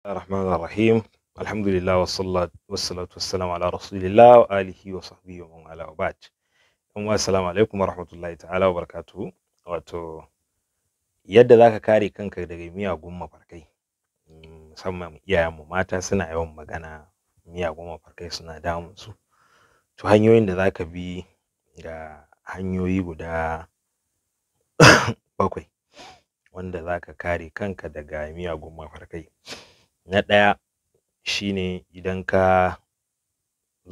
Rahman Rahim Alhamdulillah wa salatu wassalamu ala Rasulillah wa alihi wa sahbihi wa man alaikum wa rahmatullahi ta'ala wa barakatuhu. Wato yadda zaka kare kanka daga miyagun mafarkai. Mm, musamman iyayen mu mata suna yawan magana miyagun mafarkai suna damun su. To hanyoyin da zaka bi ga hanyoyi guda bakwai wanda zaka kare kanka daga miyagun mafarkai. na ɗaya shine idan ka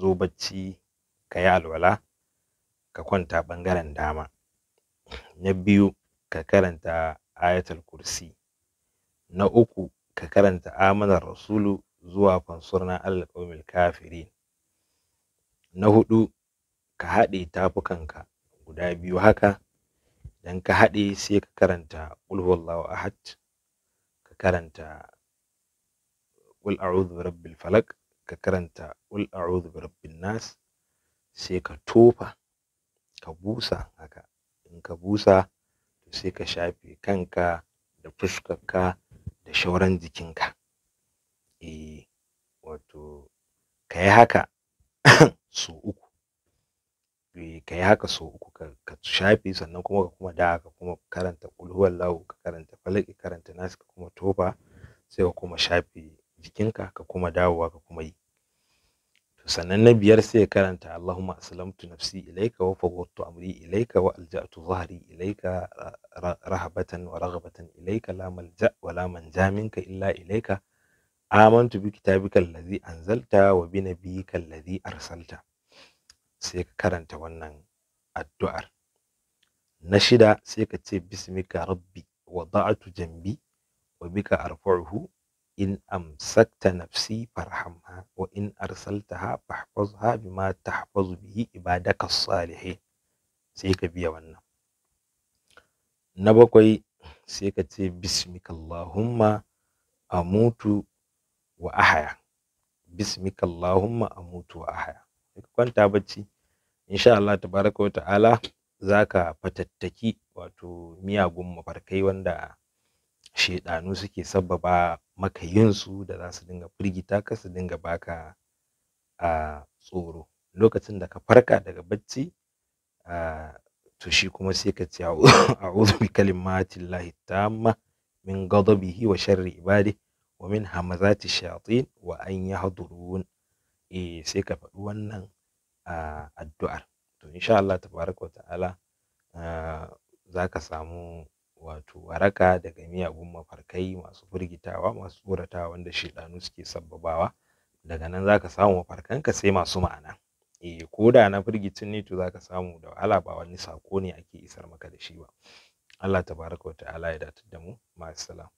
zo bacci ka yi alwala ka kwanta ɓangaren dama na biyu ka karanta ayatul kursi na uku ka karanta amanar rasulu zuwa fansurna Allah qaumil kafirin na hudu ka haɗe tafukanka guda biyu haka idan ka haɗe sai ka karanta qul ahad ka karanta qul a'udhu bi rabbil falaq ka karanta qul a'udhu bi rabbin nas sai ka tofa ka busa haka in ka busa to sai ka shafe kanka da fuskarka da shauran jikinka eh wato ka yi haka so uku eh, ka yi haka so uku ka shafe sannan kuma ka kuma da ka kuma karanta huwallahu ka karanta ka karanta nas ka kuma tofa sai ka kuma shafe Bikinka ka kuma dawowa ka kuma yi sannan na biyar sai ya karanta Allahumma aslamtu nafsi ilaika wa fawwadtu amri ilaika wa alja'tu dhahri ilaika rahabatan wa raghabatan ilaika la malja wa la manja minka illa ilaika amantu bi kitabika allazi anzalta wa bi nabiyyika allazi arsalta sai ka karanta wannan addu'ar na shida sai ka ce bismika rabbi wada'tu janbi wa bika arfa'uhu in amsakta nafsi farhamha wa in arsaltaha fahfazha bima tahfazu bihi ibadaka salihin sai ka biya wannan na bakwai sai ka ce allahumma amutu wa ahaya allahumma amutu wa ahaya ka kwanta bacci insha Allah tabaraka wa ta'ala zaka fatattaki wato miyagun mafarkai wanda shaiɗanu suke sabbaba maka yin su da za su dinga firgita ka su dinga baka a tsoro lokacin da ka farka daga bacci a to shi kuma sai ka ce a'udhu bi "Lahi tamma min ghadabihi wa sharri ibadi wa min hamazati shayatin wa an yahdurun eh sai ka faɗi wannan addu'ar to insha Allah tabaraka wa ta'ala za ka samu wato waraka daga miyagun mafarkai masu firgitawa masu tsoratawa wanda ɗanu suke sabbabawa daga nan zaka samu mafarkanka sai masu ma'ana eh ko da na firgicin ne to zaka samu da wahala ba wani sako ne ake isar maka da shi ba Allah tabaraka wa ta'ala ya datar da mu ma'assalam